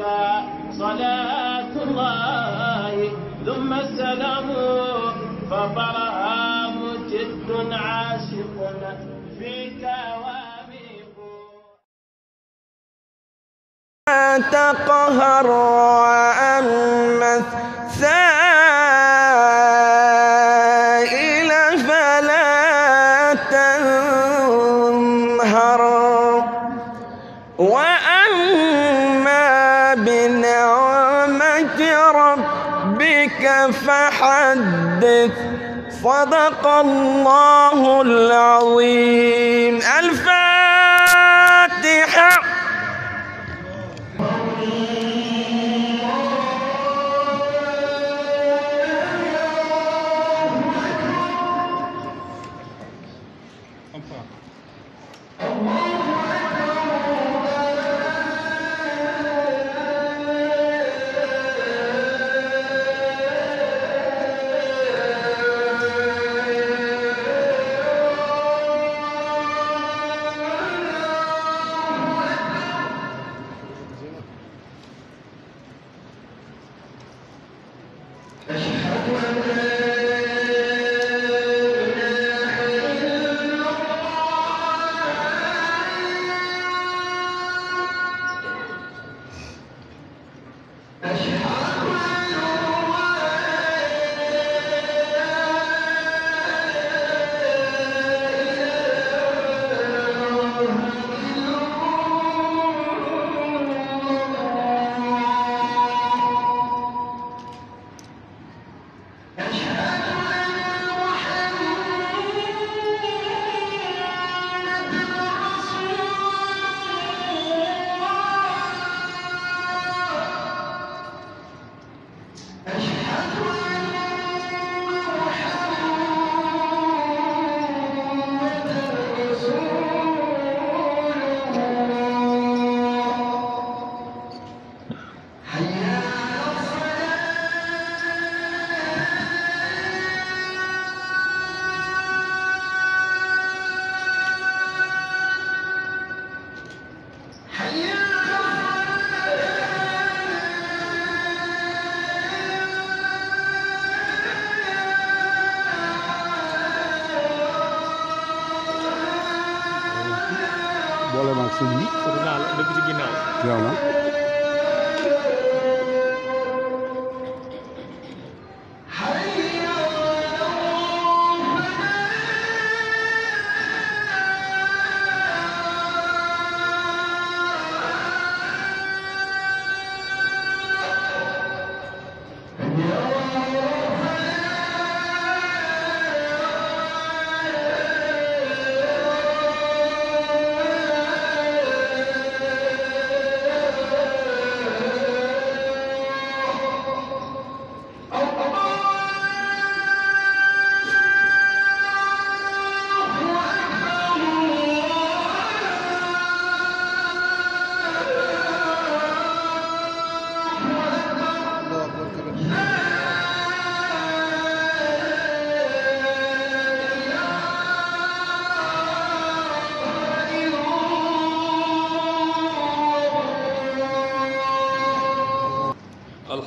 عليك صلاة الله ثم السلام فطرها مجد عاشق فيك وامق تقهر صدق الله العظيم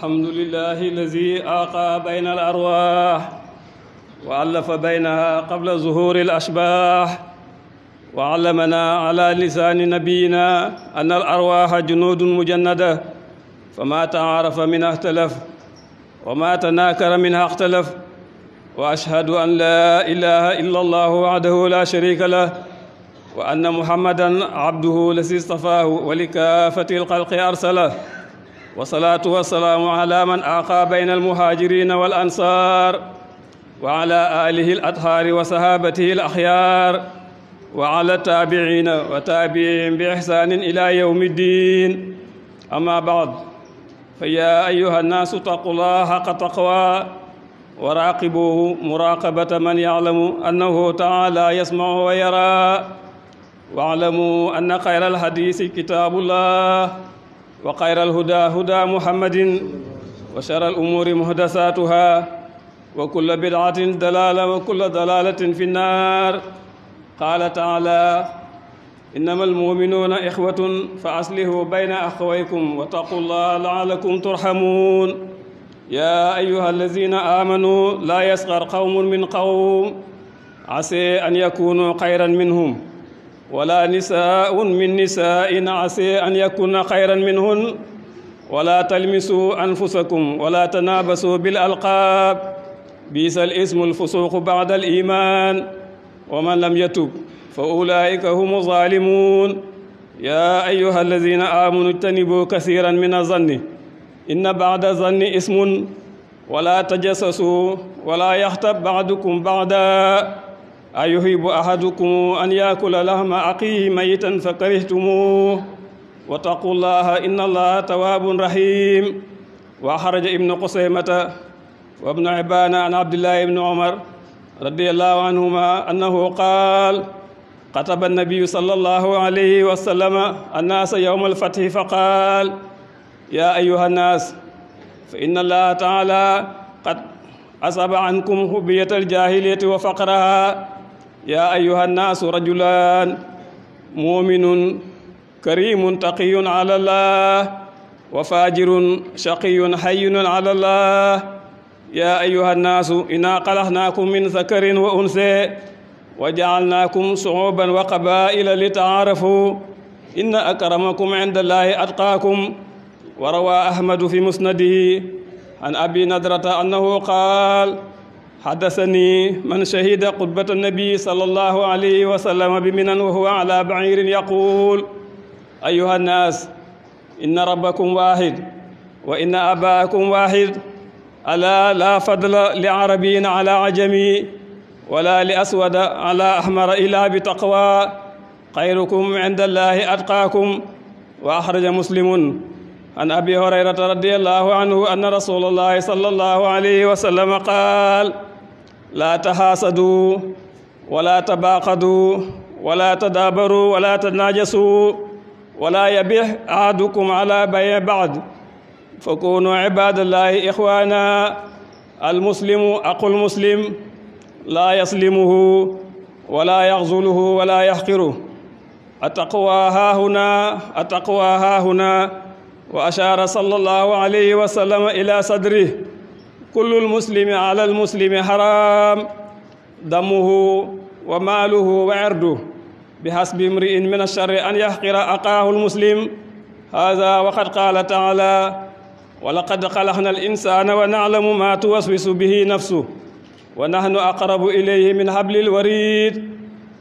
الحمد لله الذي آقى بين الأرواح وألف بينها قبل ظهور الأشباح وعلمنا على لسان نبينا أن الأرواح جنود مجندة فما تعارف منها اختلف وما تناكر منها اختلف وأشهد أن لا إله إلا الله وحده لا شريك له وأن محمدا عبده الذي اصطفاه ولكافة الخلق أرسله wasalaatu wasalaamu ala man aqa bayna almuhaajirina wal ansaar wa ala alihi al athaari wa sahaabatihi al axyaar wa ala taabiciina wa taabicihim bi ixsaanin ila yowmi ddin amma baad fa yaa ayuha nnaasu taqu llaha xaqa taqwa wa raaqibuhu muraqabata man yaclamu annahu taala yasmacu wa yara waclamu anna xayra alhadisi kitaabu llah وخير الهدى هدى محمد وشر الأمور محدثاتها وكل بدعة دلالة وكل دلالة في النار قال تعالى إنما المؤمنون إخوة فأصلحوا بين أخويكم واتقوا الله لعلكم ترحمون يا أيها الذين آمنوا لا يسخر قوم من قوم عسى أن يكونوا خيرا منهم ولا نساء من نساء عسى أن يكون خيرا منهن ولا تلمسوا أنفسكم ولا تنابسوا بالألقاب بئس الاسم الفسوق بعد الإيمان ومن لم يتب فأولئك هم الظالمون يا أيها الذين آمنوا اجتنبوا كثيرا من الظن إن بعد الظن اسم ولا تجسسوا ولا يختب بعضكم بعدا أيحب أحدكم أن يأكل لحم أخيه ميتا فكرهتموه واتقوا الله إن الله تواب رحيم وأخرج ابن قسيمة وابن عبان عن عبد الله بن عمر رضي الله عنهما أنه قال كتب النبي صلى الله عليه وسلم الناس يوم الفتح فقال يا أيها الناس فإن الله تعالى قد أصاب عنكم هبية الجاهلية وفقرها يا أيها الناس رجلان مؤمن كريم تقي على الله وفاجر شقي حي على الله يا أيها الناس إنا قلحناكم من ذكر وأنثى وجعلناكم شعوبا وقبائل لتعارفوا إن أكرمكم عند الله أتقاكم وروى أحمد في مسنده عن أبي نضرة أنه قال xadasani man shahida xutbata nabi sallallahu alayhi wa sallama bi minan wa huwa ala ba'irin yaqul ayuha nnaas inna rabbakum wahid wa inna abaakum wahid ala laa fadla li arabiyin ala ajami wala li aswada ala ahmara illa bi taqwa xayrukum inda allahi atqaakum wa axraja muslimun عن أبي هريرة رضي الله عنه أن رسول الله صلى الله عليه وسلم قال laa taxaasadu wala tabaaqadu wala tadaabaru wala tanaajasu wala yabix ahadukum ala baye baad fakunu ibadallahi ixwana almuslimu aqul muslim laa yaslimuhu wala yaxzuluhu wala yaxqiru attaqwa haahuna attaqwa haahuna wa ashaara sallallahu alayhi wa sallam ila sadri kullul muslimi alal muslimi haram damuhu wa maaluhu wa irduhu bi hasbi imri'in min ash-sharri an yahqira aqaahu al-muslim haadha wa qad qaala ta'aala wa laqad khalaqna al-insaana wa na'lamu maa tuwaswisu bihi nafsuhu wa nahnu aqrabu ilayhi min hablil wariid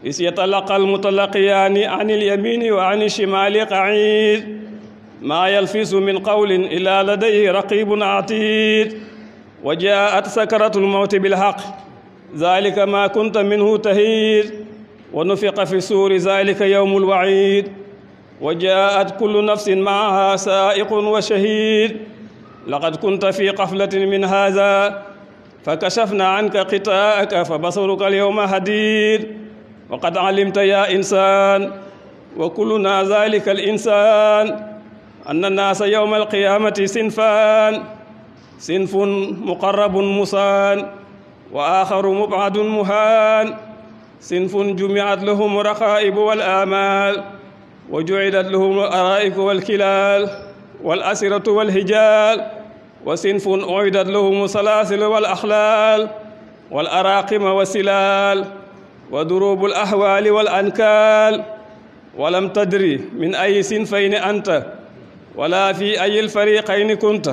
iz yatalaqqaa al-mutalaqiyaani ani al-yamiini wa ani ash-shimaali qa'iid maa yalfizu min qawlin illaa ladayhi raqiibun atiid wa jaat sakaratul mawti bil haq zalika ma kunta minhu tahid wa nufiqa fi suuri zalika yawmul waid wa jaat kullu nafsin maaha saiqun wa shahid laqad kunta fi qaflatin min hadha fakashafna anka qitaaka fa basaruka alyawma hadid wa qad alimta ya insan wa kulluna zalika al insan anna nnaasa yawma alqiyamati sinfan صنف مقرب مسان وآخر مبعد مهان صنف جمعت لهم الرقائب والآمال وجعلت لهم الأرائك والكلال والأسرة والهجال وصنف أعدت لهم السلاسل والأخلال والأراقم والسلال ودروب الأحوال والأنكال ولم تدري من أي صنفين أنت ولا في أي الفريقين كنت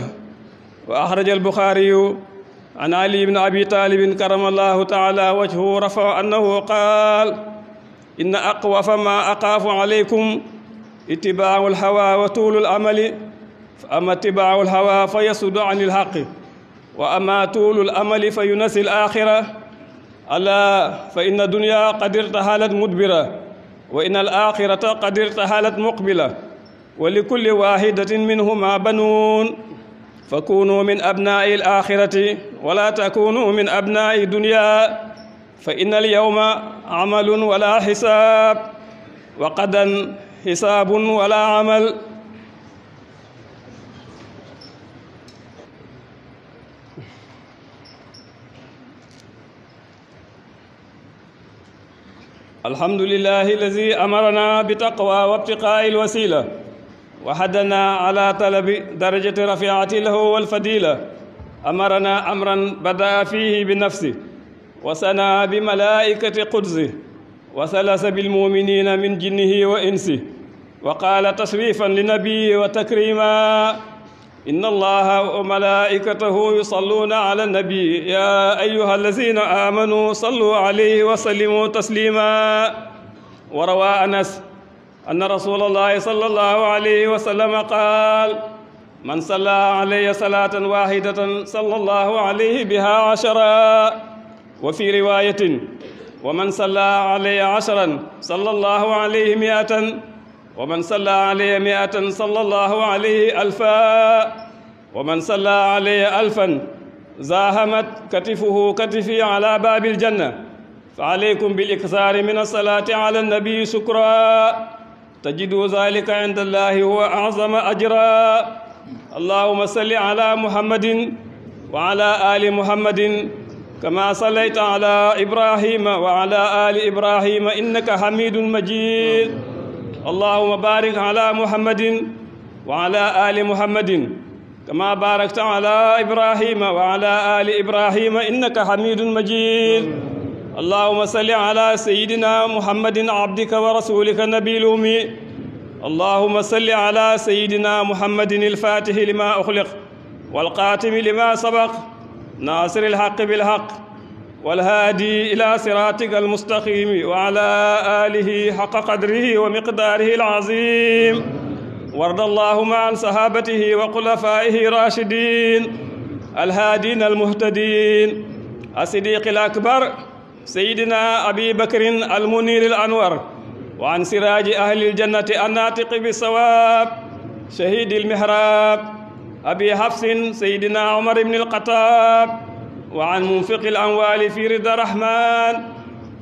wa axraja albuxaariyu an ali ibn abi taalibin karama allahu taala wajhu rafa annahu qaal inna aqwafa ma aqaafu alaykum itibaaru alhawa wa tuulu alamali fa ama itibaaru alhawa fa yasudu an ilxaqi wa ama tuulu alamali fa yunasi alaxira alaa fa inna dunya qad irtahalat mudbira wa inna alaxirata qad irtahalat muqbila wa likulli waxidatin minhuma banuun fa kunu min abnaai l axirati wala takunu min abnaai dunya fa inna al yawma amalun wala xisaab wa qadan xisaabun wala amal alhamdulillahi allazi amarana bi taqwa wa ibtiqaai l wasila وحدنا على طلب درجة رفيعة له والفضيلة أمرنا أمرا بدأ فيه بنفسه وثنى بملائكة قدسه وثلث بالمؤمنين من جنه وإنسه وقال تصريفا لنبيه وتكريما إن الله وملائكته يصلون على النبي يا أيها الذين آمنوا صلوا عليه وسلموا تسليما وروى أنس أن رسول الله صلى الله عليه وسلم قال من صلى علي صلاة واحدة صلى الله عليه بها عشرا وفي رواية ومن صلى علي عشرا صلى الله عليه مئة ومن صلى علي مئة صلى الله عليه ألفا ومن صلى علي ألفا زاهمت كتفه كتفي على باب الجنة فعليكم بالإكثار من الصلاة على النبي شكرا تجد ذلك عند الله هو أعظم أجرا اللهم صل على محمد وعلى آل محمد كما صليت على إبراهيم وعلى آل إبراهيم إنك حميد مجيد اللهم بارك على محمد وعلى آل محمد كما باركت على إبراهيم وعلى آل إبراهيم إنك حميد مجيد اللهم صل على سيدنا محمد عبدك ورسولك النبي الأمي اللهم صل على سيدنا محمد الفاتح لما أخلق والقاتم لما سبق ناصر الحق بالحق والهادي إلى صراطك المستقيم وعلى آله حق قدره ومقداره العظيم وارض اللهم عن صحابته وخلفائه راشدين الهادين المهتدين الصديق الأكبر سيدنا أبي بكر المنير الأنور وعن سراج أهل الجنة الناطق بالصواب شهيد المهراب أبي حفص سيدنا عمر بن الخطاب وعن منفق الأموال في رضا الرحمن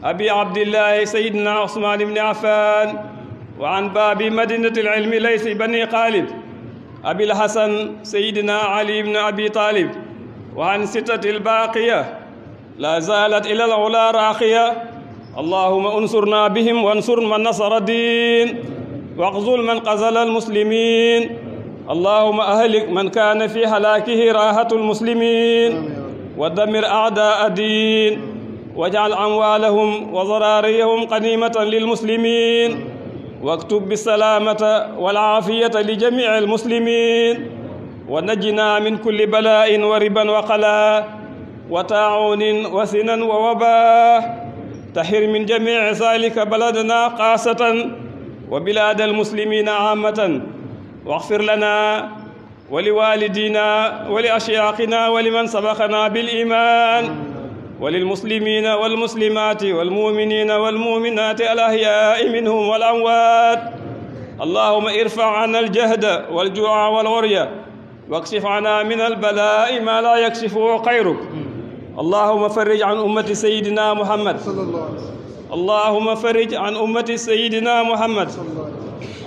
أبي عبد الله سيدنا عثمان بن عفان وعن باب مدينة العلم ليس بني خالد أبي الحسن سيدنا علي بن أبي طالب وعن ستة الباقية لا زالت إلى العلا راخية اللهم انصرنا بهم وانصر من نصر الدين واغزل من قزل المسلمين اللهم أهلك من كان في هلاكه راحة المسلمين ودمر أعداء الدين واجعل أموالهم وزراريهم قنيمة للمسلمين واكتب بالسلامة والعافية لجميع المسلمين ونجنا من كل بلاء وربا وقلاء وطاعون وسنا ووباء تحر من جميع ذلك بلدنا خاصة وبلاد المسلمين عامة واغفر لنا ولوالدينا ولأشياخنا ولمن سبقنا بالإيمان وللمسلمين والمسلمات والمؤمنين والمؤمنات الأحياء منهم والأموات اللهم ارفع عنا الجهد والجوع والعرية واكشف عنا من البلاء ما لا يكشفه غيرك اللهم فرج عن أمة سيدنا محمد اللهم فرج عن أمة سيدنا محمد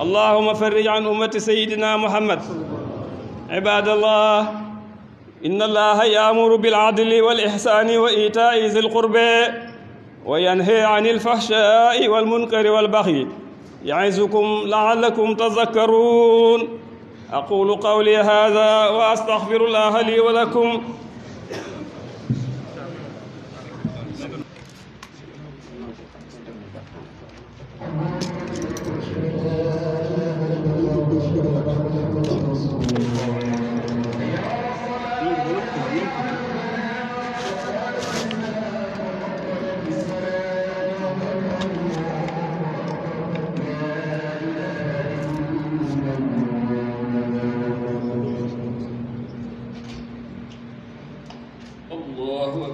اللهم فرج عن أمة سيدنا محمد عباد الله إن الله يأمر بالعدل والإحسان وإيتاء ذي القربى وينهى عن الفحشاء والمنكر والبغي يعظكم لعلكم تذكرون أقول قولي هذا وأستغفر الله لي ولكم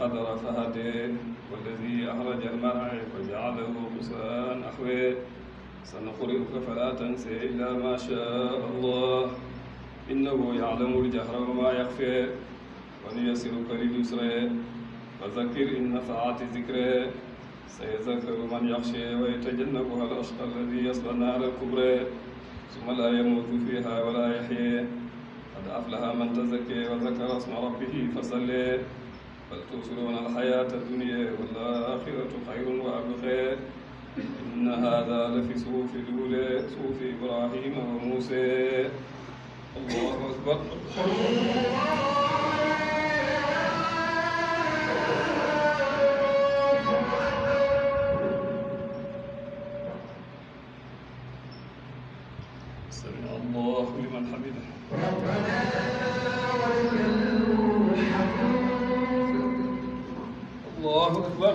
قدر فهدي والذي أخرج المرعى فجعله غثاء أحوي سنقرئك فلا تنس إلا ما شاء الله إنه يعلم الجهر وما يخفي ونيسرك لليسر فذكر إن نفعت ذكري سيذكر من يخشى ويتجنبها الأشقى الذي يصلى النار الكبرى ثم لا يموت فيها ولا يحيى قد أفلح من تزكي وذكر اسم ربه فصلي bal tuusiruuna alxayaata addunya walaaxiratu xayrun wa abqaa inna haadaa la fi suufi luulee suufi ibrahima wa muusee allahu akbar sami'a allahu liman hamidah الله أكبر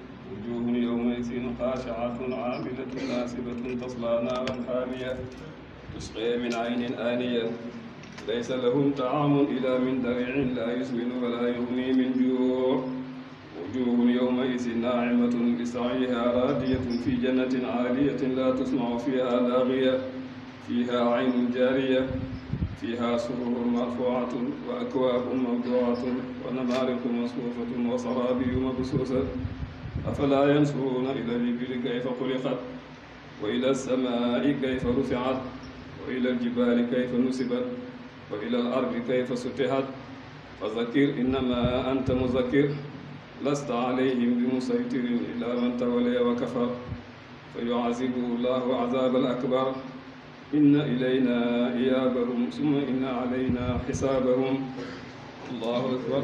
wujuhun yawma idhin khashi'atun 'amilatun nasibatun tasla naran hamiya تسقى من عين آنية ليس لهم طعام إلا من ضريع لا يسمن ولا يغني من جوع وجوه يومئذ ناعمة لسعيها راضية في جنة عالية لا تسمع فيها لاغية فيها عين جارية فيها سرر مرفوعة وأكواب موضوعة ونمارق مصفوفة وصرابي مبثوثة أفلا ينظرون إلى الإبل كيف خلقت وإلى السماء كيف رفعت وإلى الجبال كيف نصبت وإلى الأرض كيف سطحت فذكر إنما أنت مذكر لست عليهم بمسيطر إلا من تولي وكفر فيعذبه الله عذاب الأكبر إن إلينا إيابهم ثم إن علينا حسابهم الله أكبر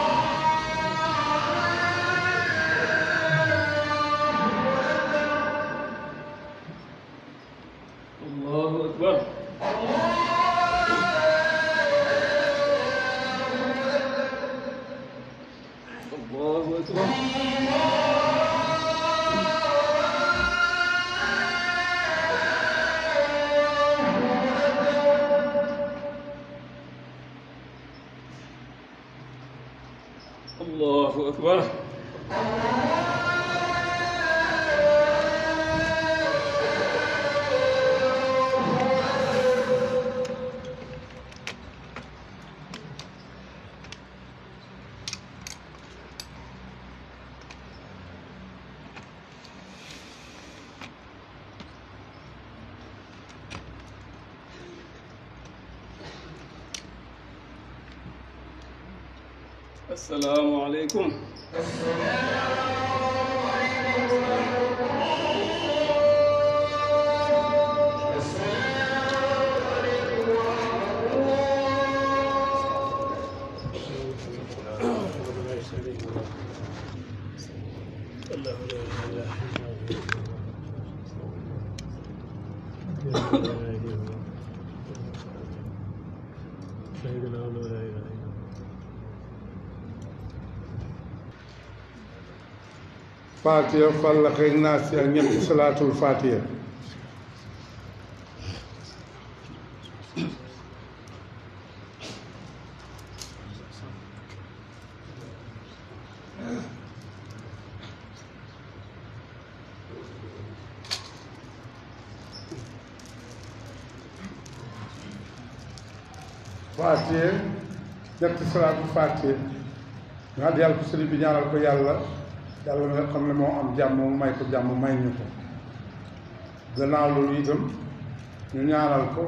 asalaamualeykum Thank you. faatiya fàllax ak naas yi ak ñetti salaatul faatiya faatiya ñetti salaatul faatiya nga xam yàlla ko sëriñ bi ñaanal ko yàlla yàlla nga xam ne moo am jàmm mu may ko jàmm may ñu ko gannaaw loolu itam ñu ñaanal ko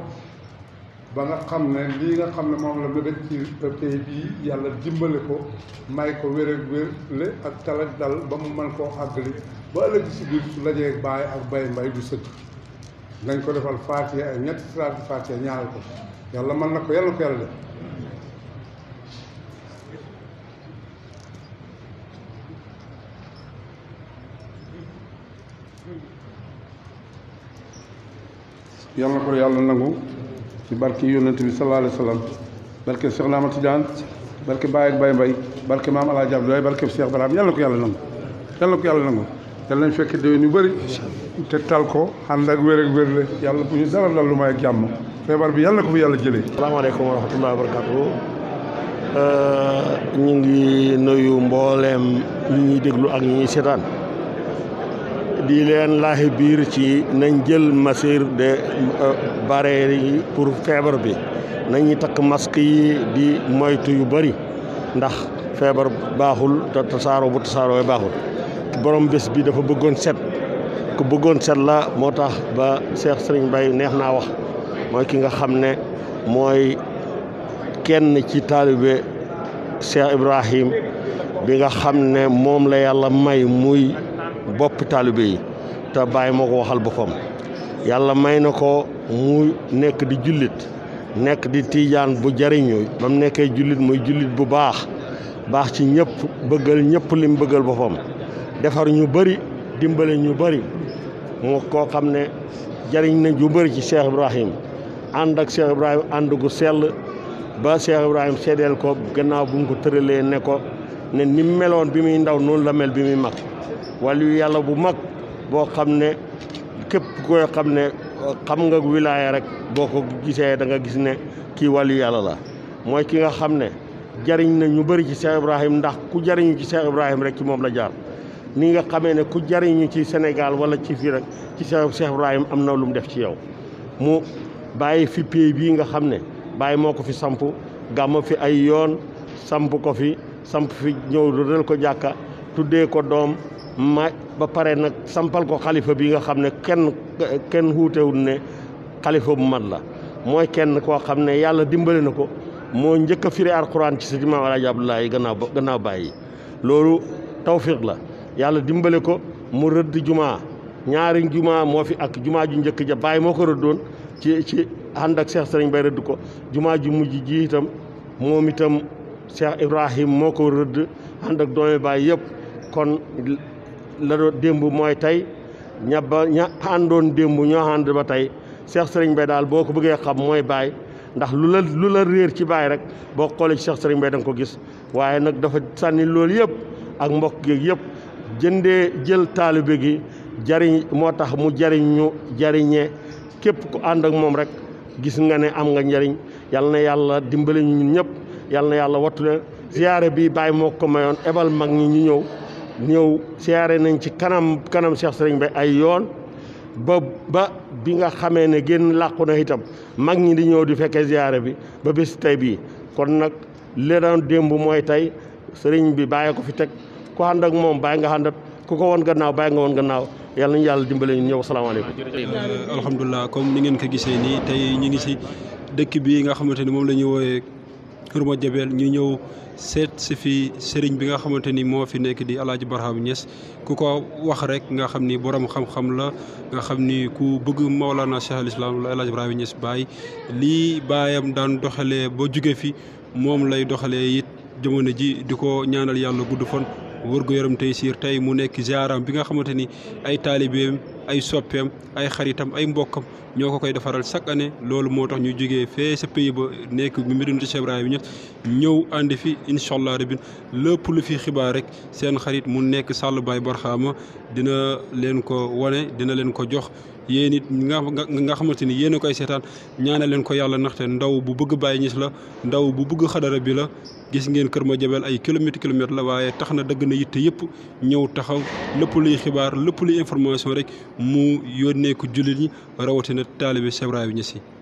ba nga xam ne lii nga xam ne moom la mébét ci pays bii yàlla dimbale ko may ko wér ak wér le ak talag dal ba mu mën koo àggali ba ëllëg si biir su lajee ak bay mbay du sëkk nañ ko defal faatiya ay ñetti salaat faatiya ñaanal ko yàlla mën na ko yàlla ko yàlla def yal na ko yàlla nangu ci barke yónnent bi sallallahu alayhi wa sallam barke Cheikh Ahmad Tidiane barke Baye ak Baye Mbaye barke maam El Hadj Abdoulaye barke Cheikh Ibrahima yal na ko yàlla nangu yal na ko yàlla nangu yal nañ fekk déwén yu bëri te tal ko ànd ak wér ak wér la bu ñu dara dal lu may jàmm feebar bi yal na ko fi yàlla jëlee. salaamaaleykum wa rahmatullahi wa barakaatu euh, ñu ngi nuyu mbooleem ñi ñuy déglu ak ñi ñuy seetaan. di leen laaxi biir ci nañ jël masir de euh, barrières yi pour feebar bi nañu takk masque yi di moytu yu bari ndax feebar baaxul te tasaaroo bu tasaaroo baaxul borom bés bi dafa bëggoon set ku bëggoon set la moo tax ba Cheikh Serigne Baye neex naa wax mooy ki nga xam ne mooy kenn ci taalibe Cheikh Ibrahim bi nga xam ne moom la yàlla may muy bopp taalibe yi te Baye moo ko waxal boppam yàlla may na ko mu nekk di jullit nekk di tiijaan bu jariñu ba mu nekkee jullit muy jullit bu baax baax ci ñëpp bëggal ñëpp lim bëggal boppam defar ñu bëri dimbale ñu bëri mu koo xam ne jariñ na ju bëri ci Cheikh Ibrahim ànd ak Cheikh ànd gu sell ba Cheikh Ibrahim seedeel ko gannaaw bu mu ko tëralee ne ko ne ni meloon bi muy ndaw noonu la mel bi muy mag wàllu yàlla bu mag boo xam ne képp ko xam ne xam nga wilaaya rek boo ko gisee da nga gis ne kii wàllu yàlla la mooy ki nga xam ne jariñ na ñu bëri ci Cheikh Ibrahim ndax ku jariñu ci Cheikh Ibrahim rek ci moom la jaar ni nga xamee ne ku jariñu ci Sénégal wala ci fii rek ci Cheikh Ibrahim am na lu mu def ci yow mu bàyyi fi pays bii nga xam ne bàyyi moo ko fi samp gàmm fi ay yoon samp ko fi samp fi ñëw rël ko jàkka tuddee ko doom ma ba pare nag sampal ko xalifa bi nga xam ne kenn kenn wuutewul ne xalifa bu man la mooy kenn koo xam ne yàlla dimbale na ko moo njëkk a firi alquran ci sëriñ Maam Alaaji Abdoulaye gannaaw gannaaw bàyyi loolu tawfiq la yàlla dimbale ko mu rëdd jumaa ñaari jumaa moo fi ak jumaa ju njëkk ja bàyyi moo ko rëddoon ci ci ànd ak Cheikh Sëriñ Bay rëdd ko jumaa ju mujj ji itam moom itam Cheikh Ibrahim moo ko rëdd ànd ak Baay yëpp kon la démb mooy tey ña ña àndoon démb ñoo ànd ba tey Cheikh Serigne Mbaye daal boo ko bëggee xam mooy baay ndax lu la lu la réer ci baay rek boo xoolee ci Cheikh Serigne Mbaye da nga ko gis waaye nag dafa sànni loolu yëpp ak mbokk yeeg yëpp jëndee jël taalibe gi jariñ moo tax mu jariñ ñu jariñee képp ku ànd ak moom rek gis nga ne am nga njariñ yal na yàlla dimbali ñun ñëpp yal na yàlla wattu leen bii baay moo ko mayoon ebal mag ñi ñu ñëw ñëw siyaare nañ ci kanam kanam Cheikh Sëriñ Bay ay yoon ba ba bi nga xamee ne génn làqu na itam mag ñi di ñëw di fekkee siyaare bi ba bis tey bii kon nag li doon démb mooy tey sëriñ bi bàyyi ko fi teg ku ànd ak moom bàyyi nga àndat ku ko woon gannaaw bàyyi nga woon gannaaw yàlla nañu yàlla dimbale ñun ñëw salaamaaleykum. alhamdulilah comme ni ngeen ko gisee nii tey ñu ngi si dëkk bii nga xamante ni moom lañuy ñu wooyee Hurma Jabel ñu ñëw seet si fi sëriñ bi nga xamante ni moo fi nekk di Alaaji Barham Niass ku ko wax rek nga xam ni borom xam-xam la nga xam ni ku bëgg Mawlana Cheikh al Islam la Alaaji Barham Niass Baye lii baayam daan doxalee ba jóge fi moom lay doxalee it jamono ji di ko ñaanal yàlla gudd fon wër gu yaram tey siir tey mu nekk ziaram bi nga xamante ni ay taalibeem ay soppeem ay xaritam ay mbokkam ñoo ko koy defaral chaque année loolu moo tax ñu jógee fee sa pays ba nekk bi Médinatoul Cheikh Ibrahima Niass ñëw andi fi incha allah rabbi lépp lu fi xibaar rek seen xarit mu nekk Sall Baye Barxaama dina leen ko wane dina leen ko jox yéen it nga nga xamante ni yéen a koy seetaan ñaane leen ko yàlla ndaxte ndaw bu bëgg bàyyi ñis la ndaw bu bëgg xadara bi la gis ngeen Kër Madiabel ay kilomètre kilomètre la waaye tax na dëgg na yitte yëpp ñëw taxaw lépp luy xibaar lépp luy information rek mu yónnee ko jullit ñi rawatina taalibe Cheikh Ibrahima Niass yi